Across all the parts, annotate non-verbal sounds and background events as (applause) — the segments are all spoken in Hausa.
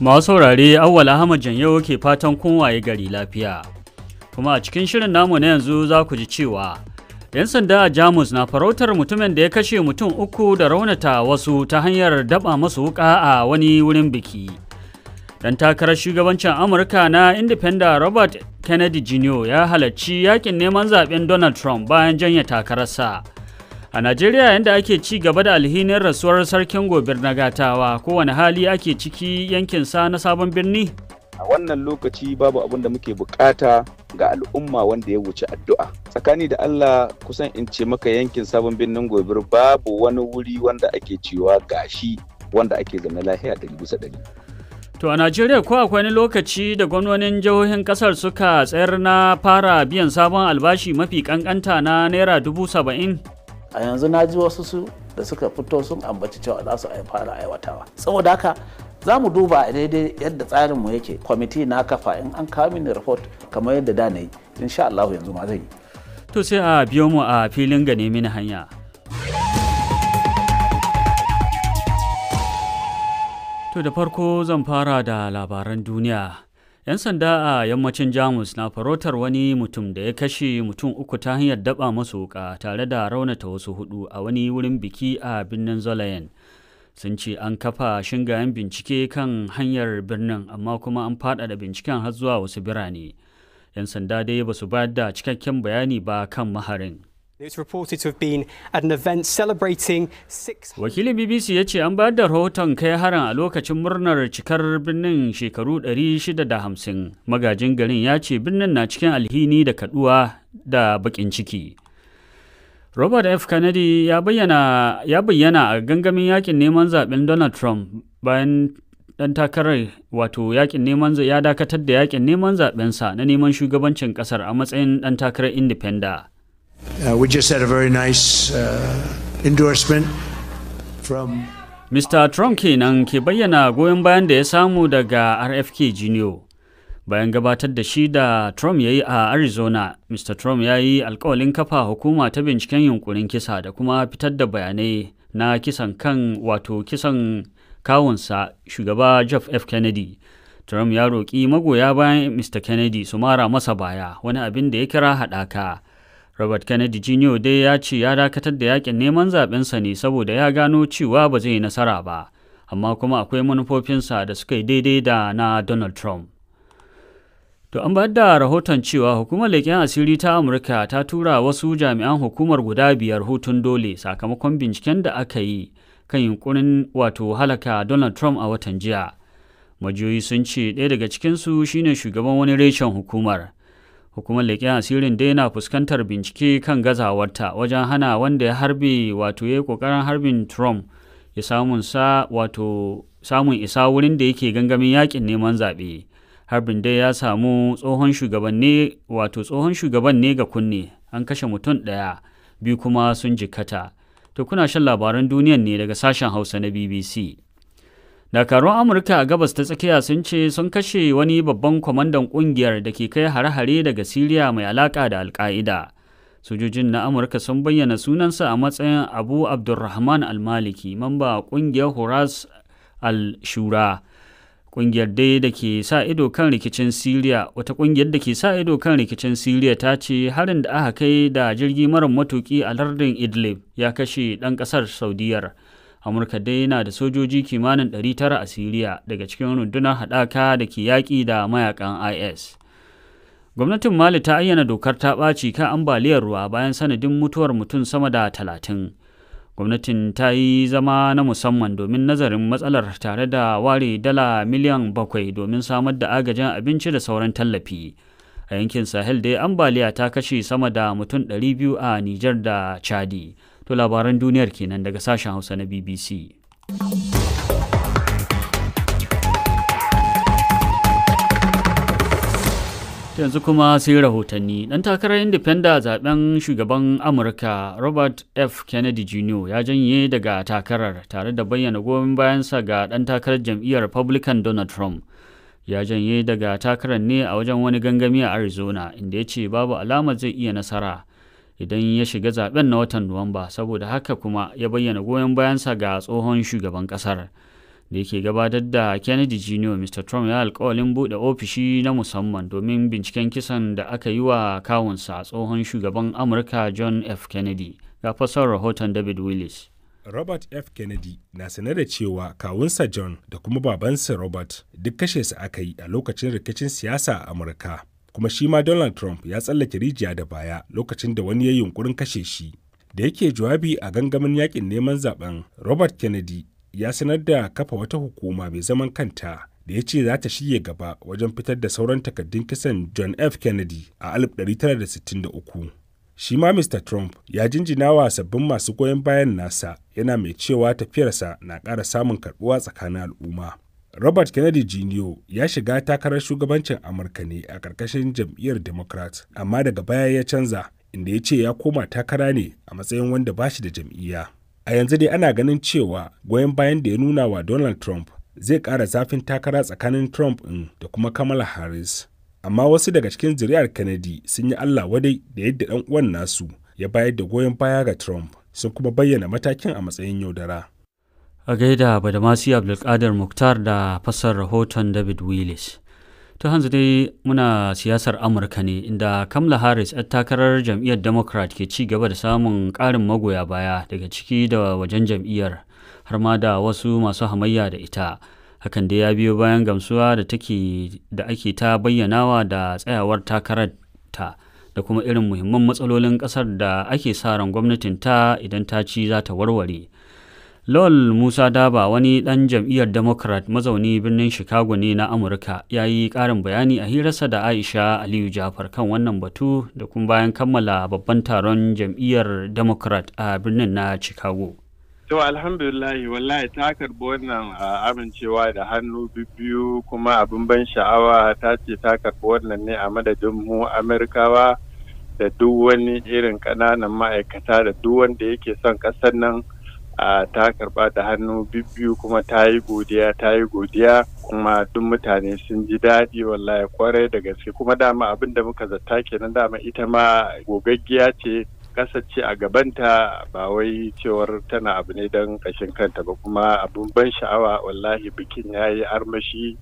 Masu saurare Awwal Ahmad Janyo ke fatan kunwaye gari lafiya. Kuma a cikin shirin namu na yanzu za ku ji cewa 'yan sanda a Jamus na farautar mutumin da ya kashe mutum uku da raunata wasu ta hanyar daba masu wuka a wani wurin biki. Dan takarar shugabancin Amurka na Independent Robert Kennedy Jr. ya halarci yakin neman zaben Donald Trump bayan janye takararsa. A Najeriya yadda ake ci gaba da alhinin rasuwar sarkin gobir na gatawa kowane hali ake ciki yankin sa na sabon birni? A wannan lokaci babu abin da muke bukata ga al'umma wanda ya wuce addu'a. Tsakani da Allah kusan in ce maka yankin sabon birnin gobir babu wani wuri wanda ake cewa gashi wanda ake zama lahiya ɗari bisa ɗari. To a Najeriya ko akwai wani lokaci da gwamnonin jihohin kasar suka tsayar na fara biyan sabon albashi mafi kankanta na naira dubu saba'in? a yanzu na ji wasu su da suka fito sun ambaci cewa za su fara aiwatawa saboda haka za mu duba a daidai yadda tsarinmu yake kwamiti na kafa in an kawo mini report kamar yadda da na yi insha Allah yanzu ma zai yi to sai a biyo mu a filin gane mini hanya to da farko zan fara da labaran duniya 'Yan sanda a yammacin Jamus na farautar wani mutum da ya kashe mutum uku ta hanyar daba masu wuka tare da raunata wasu hudu a wani wurin biki a birnin Zolayen. Sun ce an kafa shingayen bincike kan hanyar birnin amma kuma an faɗaɗa binciken har zuwa wasu birane. 'Yan sanda dai ba su bayar da cikakken bayani ba kan maharin. Wakilin BBC ya ce an bayar da rahoton kai harin a lokacin murnar cikar birnin shekaru 650. Magajin garin ya ce birnin na cikin alhini da kaduwa da bakin ciki. Robert F. Kennedy ya bayyana a gangamin yakin neman zaben Donald Trump bayan dan takarar wato yakin neman ya dakatar da yakin neman zabensa na neman shugabancin kasar a matsayin dan takarar independent. Uh, we just had a very nice uh, endorsement from Mr. Trump kenan ke bayyana goyon bayan da ya samu daga RFK Jr. Bayan gabatar da shi da Trump ya yi a Arizona, Mr. Trump ya yi alkawalin kafa hukuma ta binciken yunkurin kisa da kuma fitar da bayanai na kisan kan wato kisan kawunsa shugaba Jeff F. Kennedy. Trump ya roƙi magoya bayan Mr. Kennedy su mara masa baya wani abin da ya kira haɗaka. Robert Kennedy Jr. dai ya ce ya dakatar da yakin neman zaɓensa ne saboda ya gano cewa ba zai nasara ba, amma kuma akwai manufofinsa da suka yi daidai da na Donald Trump. To an bayar da rahoton cewa hukumar leƙen asiri ta Amurka ta tura wasu jami'an hukumar guda biyar hutun dole sakamakon binciken da aka yi kan yunkurin wato halaka Donald Trump a watan jiya. Majiyoyi sun ce ɗaya daga cikinsu shine shugaban wani reshen hukumar. hukumar leƙen asirin dai na fuskantar bincike kan gazawarta wajen hana wanda ya harbe wato ya yi ƙoƙarin harbin trump ya samun sa wato samun isa wurin da yake gangamin yakin neman zaɓe harbin dai ya samu tsohon shugaban ne wato tsohon shugaban ne ga kunne an kashe mutum ɗaya biyu kuma sun jikkata to kuna shan labaran duniyan ne daga sashen hausa na bbc dakarun amurka a gabas ta tsakiya sun ce sun kashe wani babban kwamandan kungiyar da ke kai hare-hare daga siriya mai alaka da alka'ida sojojin na amurka sun bayyana sunansa a matsayin abu abdulrahman almaliki mamba kungiyar horas al-shura kungiyar dai da ke sa ido kan rikicin siriya wata kungiyar da ke sa ido kan rikicin siriya ta ce harin da aka kai da jirgi mara matuki a lardin idlib ya kashe ɗan ƙasar saudiyar amurka dai na da sojoji kimanin 900 a siriya daga cikin rundunar haɗaka da ke yaƙi da mayakan is gwamnatin mali ta ayyana dokar ta ɓaci kan ambaliyar ruwa bayan sanadin mutuwar mutum sama da talatin gwamnatin ta yi zama na musamman domin nazarin matsalar tare da ware dala miliyan bakwai domin samar da agajin abinci da sauran tallafi a yankin sahel dai ambaliya ta kashe sama da mutum 200 a nijar da chadi To labaran duniyar kenan daga sashen Hausa na BBC. yanzu kuma sai rahotanni ɗan takarar independa zaben shugaban amurka robert f kennedy jr ya janye daga takarar tare da bayyana goyon bayansa ga ɗan takarar jam'iyyar republican donald trump ya janye daga takarar ne a wajen wani gangami a arizona inda ya ce babu alamar zai iya nasara idan ya shiga zaben na watan Nuwamba saboda haka kuma ya bayyana goyon bayansa ga tsohon shugaban kasar. Da yake gabatar da Kennedy Jr. Mr. Trump ya alkawalin buɗe ofishi na musamman domin binciken kisan da aka yi wa kawunsa a tsohon shugaban Amurka John F. Kennedy. Ga fasar rahoton David Willis. Robert F. Kennedy na sanar da cewa kawunsa John da kuma babansa Robert duk kashe su aka yi a lokacin rikicin siyasa a Amurka. kuma shi ma Donald Trump ya tsallake rijiya da baya lokacin da wani ya yi yunkurin kashe shi. Da yake jawabi a gangamin yakin neman zaben Robert Kennedy ya sanar da kafa wata hukuma mai zaman kanta da ya ce za ta shige gaba wajen fitar da sauran takardun kisan John F. Kennedy a 1963. Shi ma Mr. Trump ya jinjina wa sabbin masu goyon bayan nasa yana mai cewa tafiyarsa na ƙara samun karɓuwa tsakanin al'umma. Robert Kennedy Jr. ya shiga takarar shugabancin Amurka ne a ƙarƙashin jam'iyyar Democrat, amma daga baya ya canza, inda ya ce ya koma takara ne a matsayin wanda ba shi da jam'iyya. A yanzu dai ana ganin cewa goyon bayan da ya nuna wa Donald Trump zai ƙara zafin takara tsakanin Trump ɗin da kuma Kamala Harris. Amma wasu daga cikin zuri'ar Kennedy sun yi Allah wadai da yadda ɗan uwan nasu ya bayar da goyon baya ga Trump, sun kuma bayyana matakin a matsayin yaudara. a gaida badamasi abdulkadir muktar da fasar rahoton david willis ta hanzu dai muna siyasar amurka ne inda kamla harris 'yar takarar jam'iyyar democrat ke ci gaba da samun ƙarin magoya baya daga ciki da wajen jam'iyyar har ma da wasu masu hamayya da ita hakan da ya biyo bayan gamsuwa da take da ake ta bayyanawa da tsayawar takarar ta da kuma irin muhimman matsalolin ƙasar da ake sa ran gwamnatin ta idan ta ci za ta warware Lowell Musa Daba wani ɗan jam'iyyar Democrat mazauni birnin Chicago ne na Amurka ya yi ƙarin bayani a hirarsa da Aisha Aliyu Jafar kan wannan batu da kuma bayan kammala babban taron jam'iyyar Democrat a birnin na Chicago. To alhamdulillahi wallahi ta karbi wannan amincewa da hannu biyu kuma abin ban sha'awa ta ce ta karbi wannan ne a madadin mu Amerikawa da duk wani irin ƙananan ma'aikata da duk wanda yake son ƙasar nan. ta karba da hannu bibbiyu kuma ta yi godiya ta yi godiya kuma duk mutane sun ji daɗi wallahi kwarai da gaske kuma dama abin da muka zata kenan dama ita ma gogaggiya ce kasa ce a gabanta ba wai cewar tana abu ne don ƙashin kanta ba kuma abin ban sha'awa wallahi bikin ya yi armashi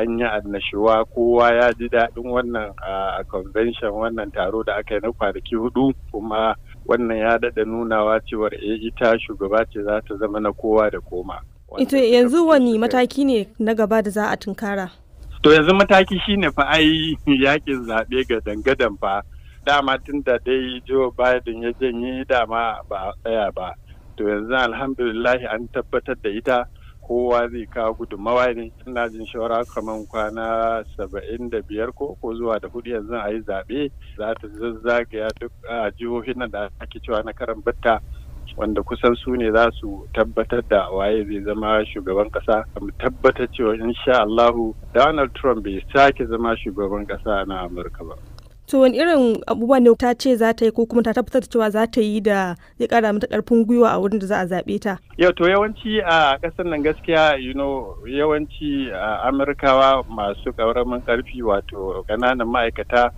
an yi annashuwa kowa ya ji daɗin wannan a convention wannan taro da aka yi na kwanaki hudu kuma wannan ya daɗa nunawa cewar e ita shugaba ce za ta zama na kowa da koma. Ito yanzu wani mataki ne na gaba da za a tunkara? To yanzu mataki shine fa ai (laughs) yakin zaɓe ga dangadan fa dama tun da dai Joe Biden ya janye dama ba a tsaya ba. To yanzu alhamdulillah an tabbatar da ita kowa zai kawo gudunmawa ne ina jin shawara kamar kwana saba'in da biyar ko ko zuwa da hudu yanzu a yi zaɓe za ta zazzagaya duk a jihohin nan da ake cewa na karan batta wanda kusan su ne za su tabbatar da waye zai zama shugaban kasa mu tabbatar cewa insha Allahu Donald Trump bai sake zama shugaban kasa na Amurka ba. to wani irin abubuwan ne ta ce za ta yi ko kuma ta tabbatar da cewa za ta yi da ya kara mata karfin gwiwa a wurin da za a zaɓe ta yau to yawanci a ƙasar nan gaskiya you know yawanci amurkawa masu ƙauramin karfi wato ƙananan ma'aikata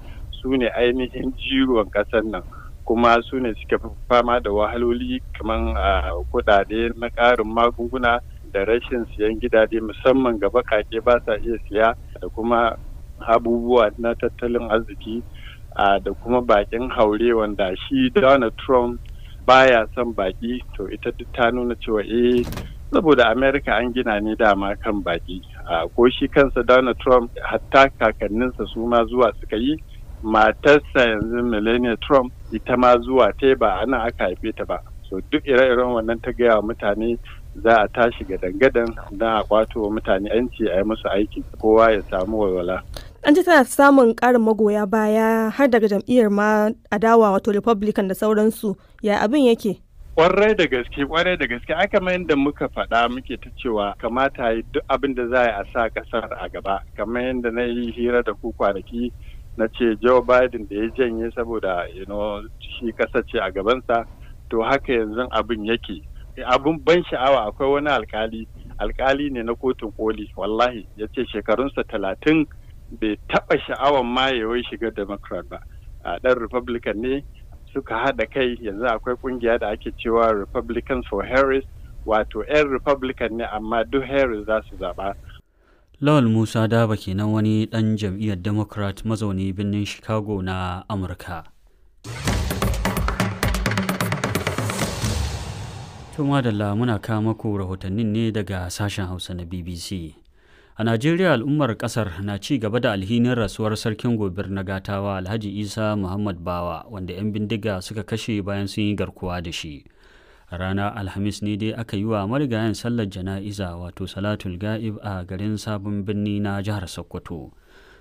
su ne ainihin jiruwan ƙasar nan kuma su ne suke fama da wahaloli kamar kuɗaɗe na ƙarin magunguna da rashin siyan gidaje musamman ga baƙaƙe ba sa iya siya da kuma abubuwa na tattalin arziki da kuma bakin haure wanda shi donald trump baya son baki to ita duk ta nuna cewa eh saboda america an gina ne dama kan baki ko shi kansa donald trump hatta kakanninsa su ma zuwa suka yi matarsa yanzu melania trump ita ma zuwa ta ba ana aka haife ta ba so duk ire-iren wannan ta gaya mutane za a tashi gadan-gadan don a kwato mutane 'yanci a yi musu aiki kowa ya samu walwala an ji tana samun karin magoya baya har daga jam'iyyar ma adawa wato republican da sauransu ya abin yake kwarai da gaske kwarai da gaske aka mayan yadda muka faɗa muke ta cewa kamata yi duk abin da za a sa ƙasar a gaba kamar yadda na yi hira da ku kwanaki na ce Joe Biden da ya janye saboda you shi ƙasa ce a gabansa to haka yanzu abin yake abin ban sha'awa akwai wani alkali alkali ne na kotun koli wallahi ya ce shekarunsa talatin bai taɓa sha'awar ma ya wai shiga democrat ba a ɗan republican ne suka haɗa kai yanzu akwai ƙungiya da ake cewa republican for harris wato 'yan republican ne amma duk harris za su zaɓa lawal musa daba kenan wani ɗan jam'iyyar democrat mazauni birnin chicago na amurka tuma da muna kama maku rahotannin ne daga sashen hausa na bbc A Najeriya al'ummar ƙasar na ci gaba da alhinin rasuwar sarkin gobir na gatawa Alhaji Isa Muhammad Bawa wanda 'yan bindiga suka kashe bayan sun yi garkuwa da shi. Rana Alhamis ne dai aka yi wa marigayen sallar jana'iza wato Salatul Ga'ib a garin Sabon Birni na jihar Sokoto.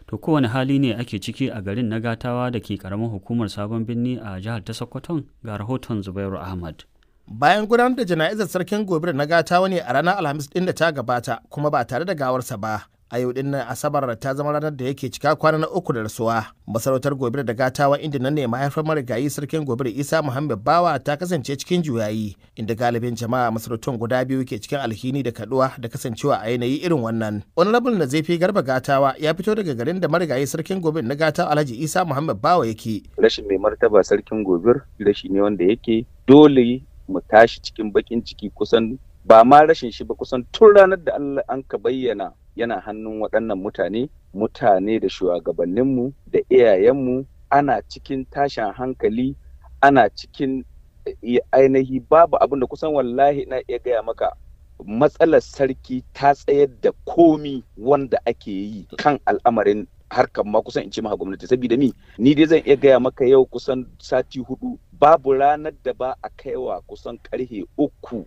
To kowane hali ne ake ciki a garin na gatawa da ke karamar hukumar Sabon Birni a jihar ta Sokoton ga rahoton Zubairu Ahmad. bayan gudanar da jana'izar sarkin gobir na gatawa ne a ranar alhamis din da ta gabata kuma ba tare da gawarsa ba a yau din nan, asabar ta zama ranar da yake cika kwana na uku da rasuwa masarautar gobir da gatawa inda nan ne mahaifar marigayi sarkin gobir isa muhammad bawa ta kasance cikin juyayi inda galibin jama'a masarautar guda biyu ke cikin alhini da kaduwa da kasancewa a yanayi irin wannan onarabul na fi garba gatawa ya fito daga garin da marigayi sarkin gobir na gata alhaji isa muhammad bawa yake rashin mai martaba sarkin gobir rashi ne wanda yake dole mu tashi cikin bakin ciki kusan ba ma rashin shi ba kusan tun ranar da Allah an ka bayyana yana hannun waɗannan mutane mutane da shugabanninmu da iyayenmu ana cikin tashin hankali ana cikin eh, ainihi babu abin da kusan wallahi na iya gaya maka matsalar sarki ta tsayar da komi wanda ake yi kan al'amarin harkar ma kusan in ce maka gwamnati saboda ni, ni dai zan iya gaya maka yau kusan sati hudu babu ranar da ba a kaiwa kusan karhe uku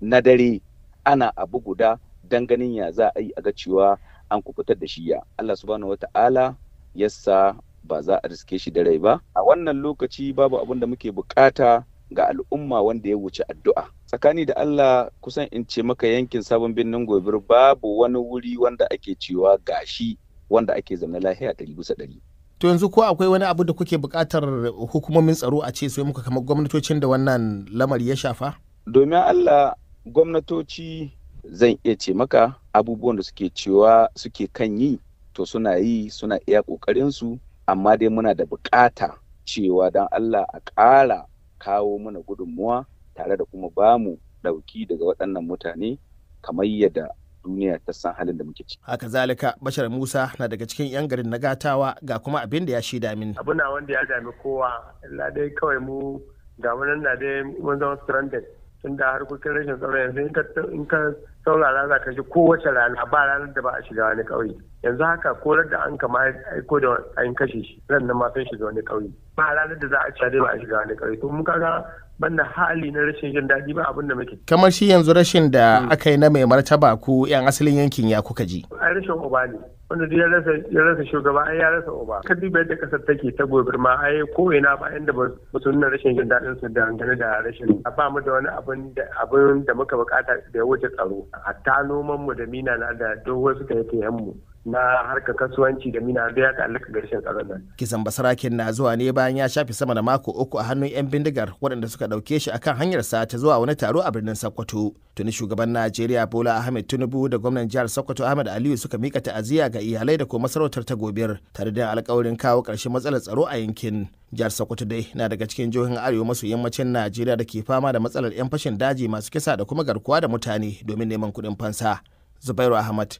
na dare ana abu guda don ganin ya za a yi a ga cewa an kubutar da shi ya Allah subhanahu wata'ala yassa ba za a riske shi da rai ba a wannan lokaci babu abin da muke bukata ga al'umma wanda ya wuce addu'a tsakani da Allah kusan in ce maka yankin sabon birnin gobir babu wani wuri wanda ake cewa gashi wanda ake zama lahiya ɗari bisa ɗari to yanzu ko akwai wani abu da kuke buƙatar hukumomin tsaro a ce su muka kamar gwamnatocin da wannan lamari ya shafa domin allah gwamnatoci zan iya ce maka abubuwan da suke cewa suke kan yi to suna yi suna iya ƙoƙarinsu amma dai muna da buƙata cewa don allah a ƙara kawo mana gudunmuwa tare da kuma bamu ɗauki daga waɗannan mutane kamar yadda duniya ta san halin da muke ciki. Haka zalika Bashar Musa na daga cikin 'yan garin na gatawa ga kuma abin da ya shi damin. Abu na wanda ya dami kowa, illa dai kawai mu ga nan na dai mun zama stranded. Tun da harkokin rashin tsaro yanzu in ka saurara za ka ji kowace rana ba ranar da ba a shiga wani ƙauye. Yanzu haka korar da an kama aiko da an kashe shi ran nan ma sun shiga wani ƙauye. Ba ranar da za a ci dai ba a shiga wani ƙauye. To mun kaga banda hali na rashin jin daɗi ba abin da muke. Kamar shi yanzu rashin da hmm. aka yi na mai martaba ku 'yan asalin yankin ya kuka ji. A rashin uba ne. Wanda ya rasa ya rasa shugaba ai ya rasa uba. Ka duba yadda kasar take ta gobe ma ai ko ina ba inda ba su nuna rashin jin daɗin su dangane da rashin ba mu da wani abin da muka bukata da ya wuce tsaro. Hatta noman mu da mina na da dogon suka yi mu. na harkar kasuwanci da mina da ya ta'allaka garshen tsaron nan. Kisan basarakin na zuwa ne bayan ya shafi sama da mako uku a hannun 'yan bindigar waɗanda suka ɗauke shi akan hanyarsa ta zuwa wani taro a birnin Sokoto. Tuni shugaban Najeriya Bola Ahmed Tinubu da gwamnan jihar Sokoto Ahmed Aliyu suka mika ta'aziyya ga iyalai da kuma masarautar ta gobe tare da alƙawarin kawo ƙarshen matsalar tsaro a yankin. jihar sokoto dai na daga cikin jihohin arewa maso yammacin najeriya da ke fama da matsalar 'yan fashin daji masu kisa da kuma garkuwa da mutane domin neman kuɗin fansa zubairu ahmad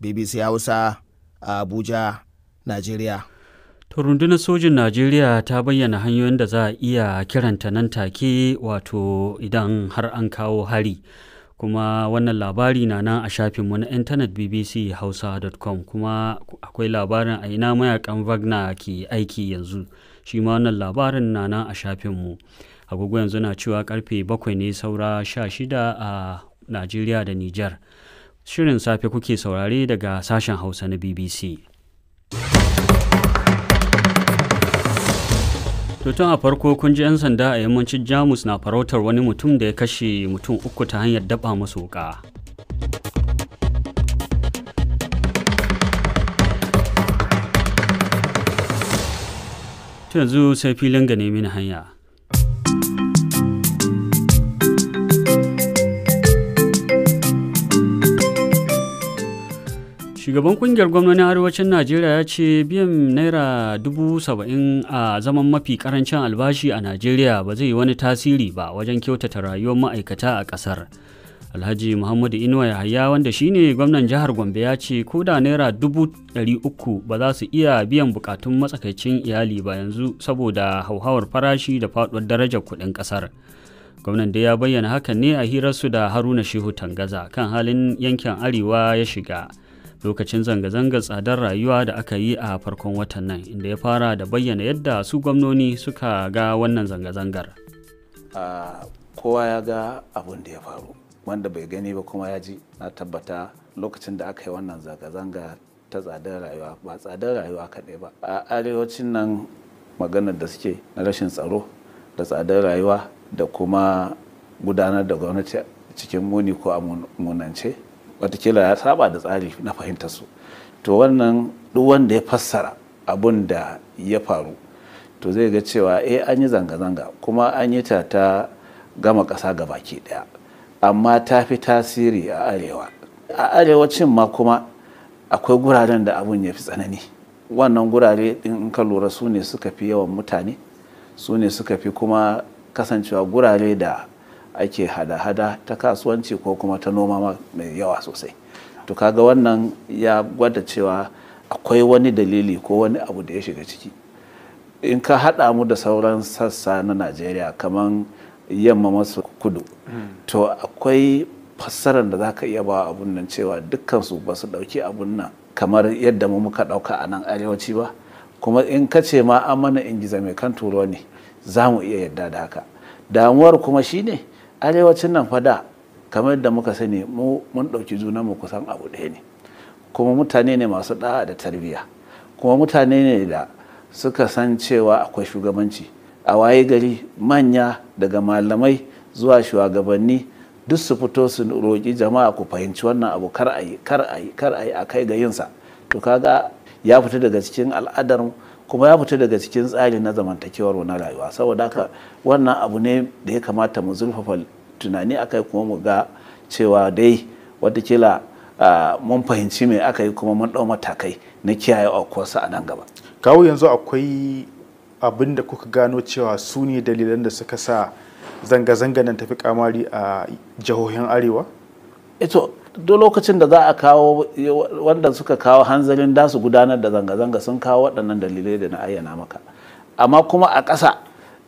bbc hausa a abuja najeriya To rundunar sojin Najeriya ta bayyana hanyoyin da za a iya kiranta nan take wato idan har an kawo hari. Kuma wannan labari na nan a shafinmu na intanet bbc bbchausa.com kuma akwai labarin a ina mayakan Wagner ke aiki yanzu. Shi ma wannan labarin na nan a shafinmu. Agogo yanzu na cewa karfe bakwai ne saura sha shida a Najeriya da Nijar. Shirin safe kuke saurare daga sashen Hausa na BBC. tun a farko kun ji 'yan sanda a yammacin Jamus na farautar wani mutum da ya kashe mutum uku ta hanyar daba masu wuka. yanzu sai filin gane mini hanya. shugaban kungiyar gwamnonin arewacin najeriya ya ce biyan naira dubu saba'in a zaman mafi karancin albashi a najeriya ba zai yi wani tasiri ba wajen kyautata rayuwar ma'aikata a kasar alhaji muhammadu inuwa yahaya wanda shine gwamnan jihar gombe ya ce ko da naira dubu ɗari uku ba za su iya biyan bukatun matsakaicin iyali ba yanzu saboda hauhawar farashi da faɗuwar darajar kuɗin ƙasar gwamnan da ya bayyana hakan ne a hirarsu da haruna shehu tangaza kan halin yankin arewa ya shiga lokacin zanga-zangar tsadar rayuwa da aka yi a farkon watan nan inda ya fara da bayyana yadda su gwamnoni suka ga wannan zanga-zangar kowa ya ga abin da ya faru wanda bai gani ba kuma ya ji na tabbata lokacin da aka yi wannan zanga-zanga ta tsadar rayuwa ba tsadar rayuwa kaɗai ba a arewacin nan maganar da suke na rashin tsaro da tsadar rayuwa da kuma gudanar da gwamnati cikin muni ko a munance watakila ya saba da tsari na fahimtar su to wannan duk wanda ya fassara abun da ya faru to zai ga cewa eh an yi zanga-zanga kuma an yi ta ta gama ƙasa ga baki ɗaya amma ta fi tasiri a arewa a arewacin ma kuma akwai guraren da abun ya fi tsanani wannan gurare ɗin in ka lura su ne suka fi yawan mutane su ne suka fi kuma kasancewa gurare da ake hada-hada ta kasuwanci ko kuma ta noma mai yawa sosai to kaga wannan ya gwada cewa akwai wani dalili ko wani abu da ya shiga ciki in ka haɗa mu da sauran sassa na najeriya kamar yamma masu kudu to akwai fassarar da za ka iya ba abun nan cewa dukkansu ba su ɗauki abun nan kamar yadda mu muka ɗauka a nan arewaci ba kuma in ka ce ma an mana ingiza mai kan turo ne za mu iya yadda da haka damuwar kuma shine arewacin nan fada kamar da muka sani mu mun ɗauki juna mu kusan abu ɗaya ne kuma mutane ne masu ɗa'a da tarbiyya kuma mutane ne da suka san cewa akwai shugabanci a waye gari manya daga malamai zuwa shugabanni duk su fito su roƙi jama'a ku fahimci wannan abu kar a yi kar a yi kar a yi a kai ga yinsa to kaga ya fita daga cikin al'adar kuma ya fita daga cikin tsari na zamantakewar na rayuwa saboda haka wannan abu ne da ya kamata mu zurfafa tunani akai kuma mu ga cewa dai watakila mun fahimci mai aka yi kuma mun ɗau matakai na kiyaye aukuwarsa a nan gaba kawo yanzu akwai abin da kuka gano cewa su ne dalilan da suka sa zanga-zanga nan tafi kamari a jihohin arewa? duk lokacin da za a kawo wanda suka kawo hanzarin da su gudanar da zanga-zanga sun kawo waɗannan dalilai da na ayyana maka amma kuma a ƙasa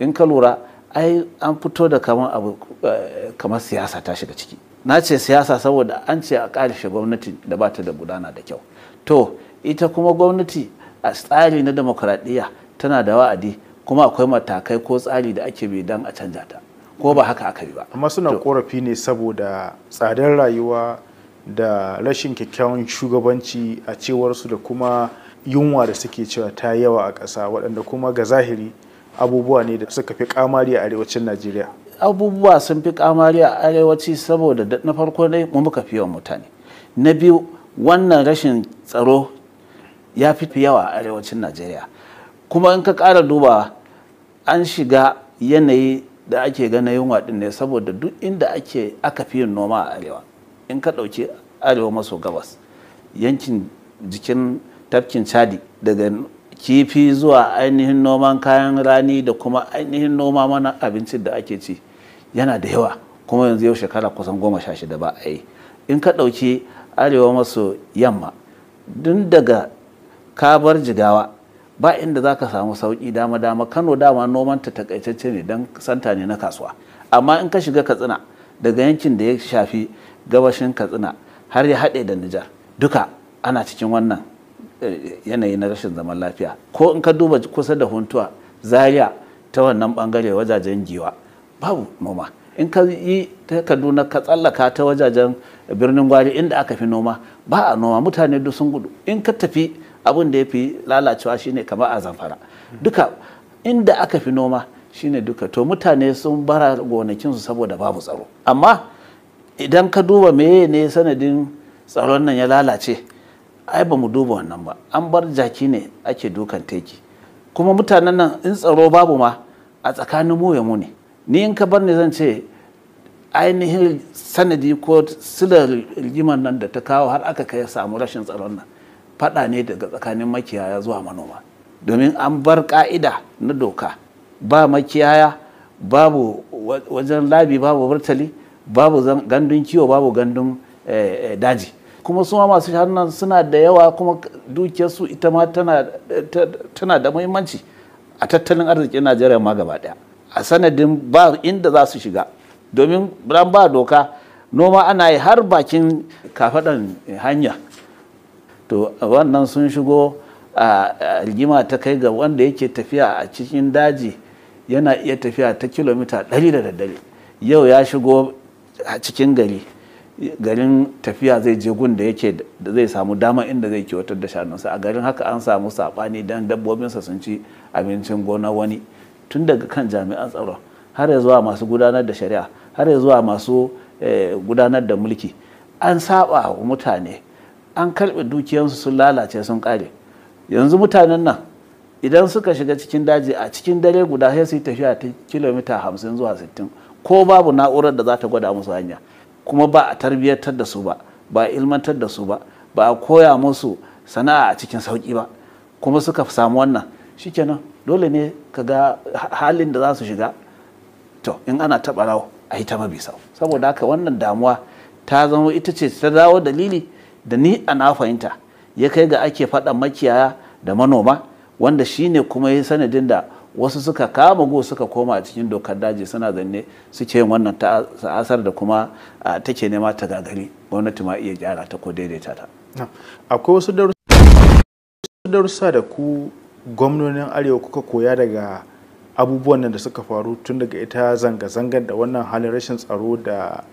in ka lura ai an fito da kamar abu eh, kamar siyasa ta shiga ciki na ce siyasa saboda an ce a ƙarshe gwamnati da ba ta da gudana da kyau to ita kuma gwamnati a tsari na demokuraɗiyya tana da wa'adi kuma akwai matakai ko tsari da ake bi don a canja ta ko ba haka aka yi ba amma suna korafi ne saboda tsadar rayuwa da rashin kyakkyawan shugabanci a cewarsu da kuma yunwa da suke cewa ta yawa a ƙasa waɗanda kuma ga zahiri abubuwa ne da suka fi kamari a arewacin najeriya abubuwa sun fi kamari a arewaci saboda na farko dai mu muka fi yawan mutane na biyu wannan rashin tsaro ya fi yawa a arewacin najeriya kuma in ka ƙara duba an shiga yanayi da ake gana yunwa ɗin ne saboda duk inda ake aka fi yin noma a arewa in ka ɗauki arewa maso gabas yankin jikin tafkin chadi daga kifi zuwa ainihin noman kayan rani da kuma ainihin noma mana abincin da ake ci yana da yawa kuma yanzu yau shekara kusan goma sha shida ba a yi in ka ɗauki arewa maso yamma dun daga kabar jigawa ba inda za ka samu sauki dama dama kano dama noman ta takaitacce ne don santa ne na kasuwa amma in ka shiga katsina daga yankin da ya shafi gabashin katsina har ya haɗe da nijar duka ana cikin wannan eh, yanayi na rashin zaman lafiya ko in ka duba kusa da huntuwa zariya ta wannan bangare wajajen giwa babu noma in ka yi ta kaduna ka tsallaka ta wajajen birnin gwari inda aka fi noma ba a noma mutane duk sun gudu in ka tafi abin da ya fi lalacewa shine kamar a zamfara duka inda aka fi noma shine duka to mutane sun bara gonakinsu saboda babu tsaro amma idan ka duba meye ne sanadin tsaron nan ya lalace ai ba mu duba wannan ba an bar jaki ne ake dukan teki kuma mutanen nan in tsaro babu ma a tsakanin mu ya mu ni in ka bar ne zan ce ainihin sanadi ko silar rigimar nan da ta kawo har aka kai samu rashin tsaron nan faɗa ne daga tsakanin makiyaya zuwa manoma domin an bar ka'ida na doka ba makiyaya babu wajen labi babu burtali babu gandun kiwo babu gandun eh, eh, daji kuma suma masu hannun suna da yawa kuma dukiyarsu ita ma tana da muhimmanci a tattalin arzikin najeriya ma gaba daya a sanadin ba inda za su shiga domin ran ba doka noma ana yi har bakin kafaɗan hanya to wannan sun shigo a rigima ta kai ga wanda yake tafiya a cikin daji yana iya tafiya ta kilomita ɗari da daddare yau ya shigo a cikin gari garin tafiya zai je gun da yake da zai samu dama inda zai kyautar da shanunsa a garin haka an samu saɓani don dabbobinsa sun ci abincin gona wani tun daga kan jami'an tsaro har ya zuwa masu gudanar da shari'a har ya zuwa masu eh, gudanar da mulki an saba wa mutane an karɓi dukiyansu sun lalace sun ƙare yanzu mutanen nan idan suka shiga cikin daji a cikin dare guda sai su yi tafiya ta kilomita hamsin zuwa sittin ko babu na'urar da za ta gwada musu hanya kuma ba a tarbiyyatar da su ba ba a ilmantar da su ba ba a koya musu sana'a a cikin sauki ba kuma suka samu wannan shikenan dole ne ka ga halin da za su shiga to in ana taɓa rawo a yi ta mabi sau. saboda haka wannan damuwa ta zama ita ce ta dawo dalili da ni a na fahimta ya kai ga ake faɗa makiyaya da manoma wanda shine kuma ya sanadin da wasu suka kama go suka koma a cikin dokar daji suna zanne suke yin wannan ta'asar da kuma take nema ta gagari gwamnati ma iya gyara ta ko daidaita ta akwai wasu darussa da ku gwamnonin arewa kuka koya daga abubuwan da suka faru tun daga ita zanga-zangar da wannan halin rashin tsaro da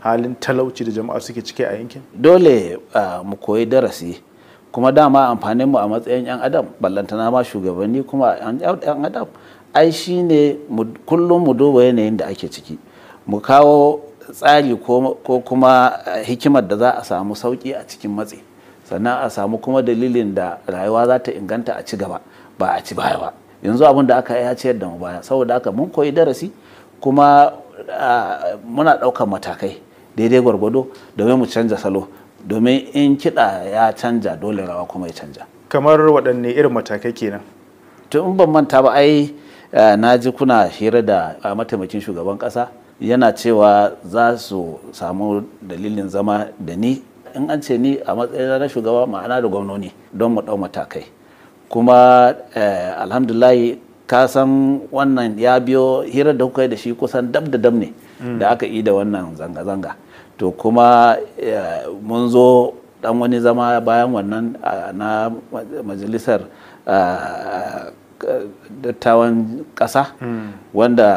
halin talauci da jama'a suke ciki a yankin dole mu koyi darasi kuma dama amfanin mu a matsayin yan adam ballantana ma shugabanni kuma yan adam ai shi ne kullum mu duba yanayin da ake ciki mu kawo tsari ko kuma hikimar da za a samu sauki a cikin matsi sannan a samu kuma dalilin da rayuwa za ta inganta a ci gaba ba a ci baya ba yanzu abin da aka ya ciyar da mu baya saboda haka mun koyi darasi kuma ah, muna ɗaukar matakai daidai gwargwado domin mu canza salo domin in kiɗa ya canja dole rawa kuma ya canja kamar waɗanne irin matakai kenan tun ban manta ba ai eh, na ji kuna hira da mataimakin shugaban ƙasa yana cewa za su samu dalilin zama da ni in an ce ni a matsayin na shugaba ma'ana da gwamnoni don mu ɗau matakai kuma eh, alhamdulahi ka san wannan ya biyo hira da kuka yi da shi kusan dab da dab ne mm. da aka yi da wannan zanga-zanga to kuma mun zo dan wani zama bayan wannan na majalisar dattawan ƙasa hmm. wanda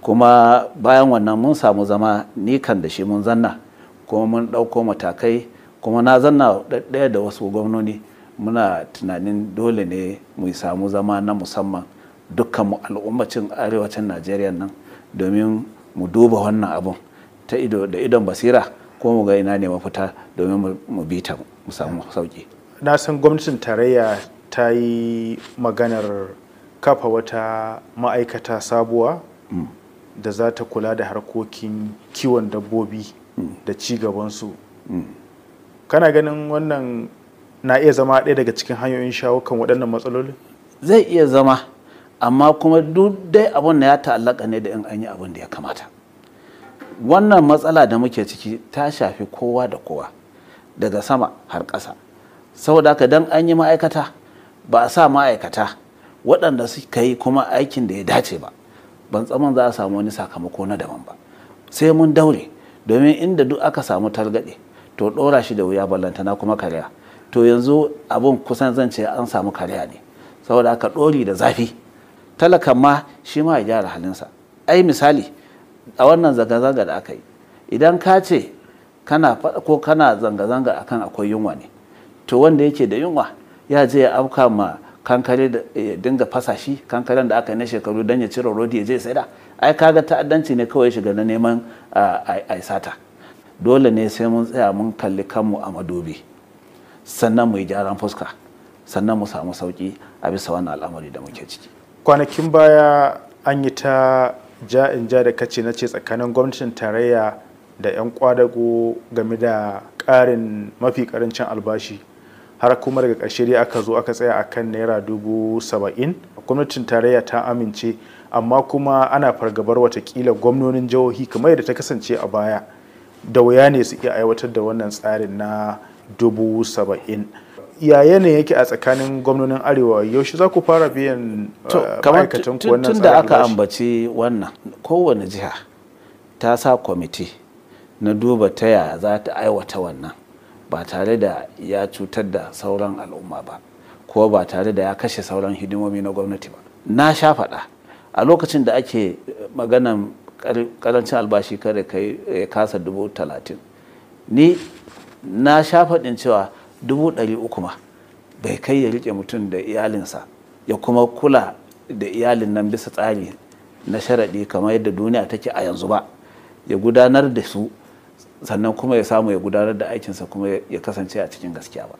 kuma bayan wannan mun samu zama ni kan da shi mun zanna kuma mun ɗauko matakai kuma na zanna ɗaya da wasu gwamnoni muna tunanin dole ne mu samu zama na musamman dukkan al'ummacin arewacin najeriya nan domin mu duba wannan abun ta ido da idon basira ko mu ga ina ne mafita domin mu bi ta mu samu sauki na san gwamnatin tarayya ta yi maganar kafa wata ma'aikata sabuwa mm. da za ta kula da harkokin kiwon dabbobi mm. da ci gabansu mm. kana ganin wannan na iya zama ɗaya daga cikin hanyoyin shawo kan waɗannan matsaloli zai iya zama amma kuma duk dai abin da ya ta'allaka ne da in an yi abin da ya kamata wannan matsala da muke ciki ta shafi kowa da kowa daga sama har ƙasa saboda haka dan an yi ma'aikata ba a sa ma'aikata waɗanda suka yi kuma aikin da ya dace ba ban tsaman za a samu wani sakamako na daban ba sai mun daure domin inda duk aka samu targaɗe to ɗora shi da wuya ballantana kuma karya to yanzu abin kusan zan ce an samu karya ne saboda aka ɗori da zafi talakan ma shi ma ya gyara halinsa ai misali a wannan zanga-zanga da aka yi idan ka ce kana ko kana zanga-zanga akan akwai yunwa ne to wanda yake da yunwa ya je ya auka ma kankare da dinga fasa shi kankaren da aka yi na shekaru don ya cire rodi ya je sai da ai kaga ta'addanci ne kawai shiga na neman aisata dole ne sai mun tsaya mun kalli kanmu a madobi sannan mu yi gyaran fuska sannan mu samu sauki a bisa wannan al'amari da muke ciki kwanakin baya an yi ta ja in ja da kace na ce tsakanin gwamnatin tarayya da 'yan kwadago game da karin mafi ƙarancin albashi har kuma daga ƙarshe dai aka zo aka tsaya akan naira dubu saba'in gwamnatin tarayya ta amince amma kuma ana fargabar watakila gwamnonin jihohi kamar yadda ta kasance a baya da wuya ne su iya aiwatar da wannan tsarin na dubu saba'in ya yanayin yake a tsakanin gwamnonin arewa yaushe za ku fara biyan uh, ma'aikatan ku wannan tun da aka ambaci wannan kowane jiha ta sa kwamiti na duba ta ya za ta aiwata wannan ba tare da ya cutar da sauran al'umma ba ko ba tare da ya kashe sauran hidimomi na gwamnati ba na sha faɗa a lokacin da ake maganan karancin albashi kada kai kasa dubu talatin ni na sha faɗin cewa dubu ɗari uku ma bai kai ya riƙe mutum da iyalinsa ya kuma kula da iyalin nan bisa tsari na sharaɗi kamar yadda duniya take a yanzu ba ya gudanar da su sannan kuma ya samu ya gudanar da aikinsa kuma ya kasance a cikin gaskiya ba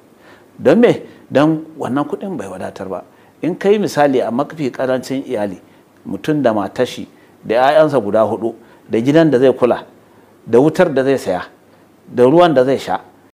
don me don wannan kuɗin bai wadatar ba in ka yi misali a mafi karancin iyali mutum da matashi da 'ya'yansa guda hudu da gidan da zai kula da wutar da zai saya da ruwan da zai sha